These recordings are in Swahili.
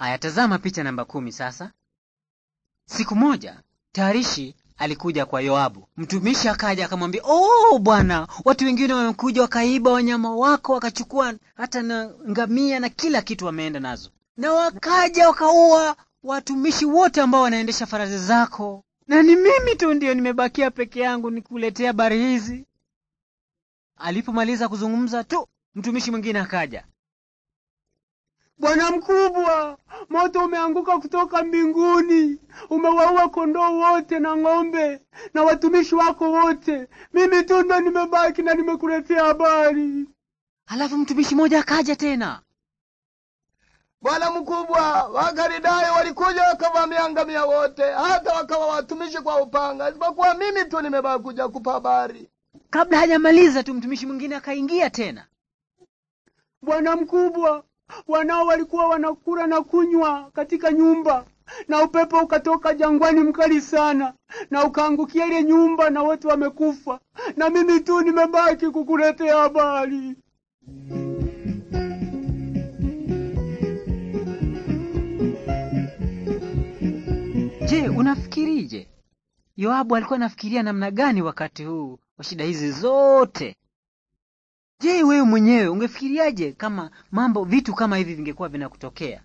Ayatazama picha namba kumi sasa. Siku moja tayarishi alikuja kwa Yoabu mtumishi, akaja akamwambia, oh bwana, watu wengine wamekuja wakaiba wanyama wako, wakachukua hata na ngamia na kila kitu wameenda nazo, na wakaja wakaua watumishi wote ambao wanaendesha farasi zako, na ni mimi tu ndiyo nimebakia peke yangu nikuletea habari hizi. Alipomaliza kuzungumza tu, mtumishi mwingine akaja Bwana mkubwa, moto umeanguka kutoka mbinguni, umewaua kondoo wote na ng'ombe na watumishi wako wote. Mimi tu ndo nimebaki na nimekuletea habari. Halafu mtumishi mmoja akaja tena, bwana mkubwa, wakaridayo walikuja wakavamia ngamia wote, hata wakawa watumishi kwa upanga, isipokuwa mimi tu nimebaki kuja kupa habari. Kabla hajamaliza tu mtumishi mwingine akaingia tena, bwana mkubwa Wanao walikuwa wanakula na kunywa katika nyumba, na upepo ukatoka jangwani mkali sana na ukaangukia ile nyumba, na wote wamekufa, na mimi tu nimebaki kukuletea habari. Je, unafikirije? Yoabu alikuwa anafikiria namna gani wakati huu wa shida hizi zote? Je, wewe mwenyewe ungefikiriaje kama mambo vitu kama hivi vingekuwa vinakutokea?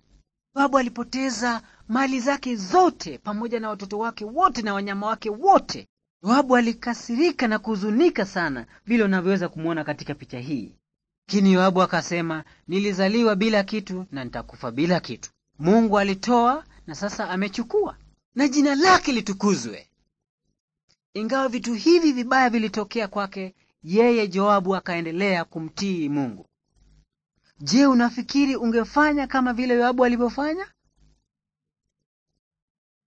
Babu alipoteza mali zake zote pamoja na watoto wake wote na wanyama wake wote. Yoabu alikasirika na kuhuzunika sana vile unavyoweza kumwona katika picha hii. Lakini Yoabu akasema, nilizaliwa bila kitu na nitakufa bila kitu. Mungu alitoa na sasa amechukua, na jina lake litukuzwe. Ingawa vitu hivi vibaya vilitokea kwake, yeye Joabu akaendelea kumtii Mungu. Je, unafikiri ungefanya kama vile Yoabu alivyofanya?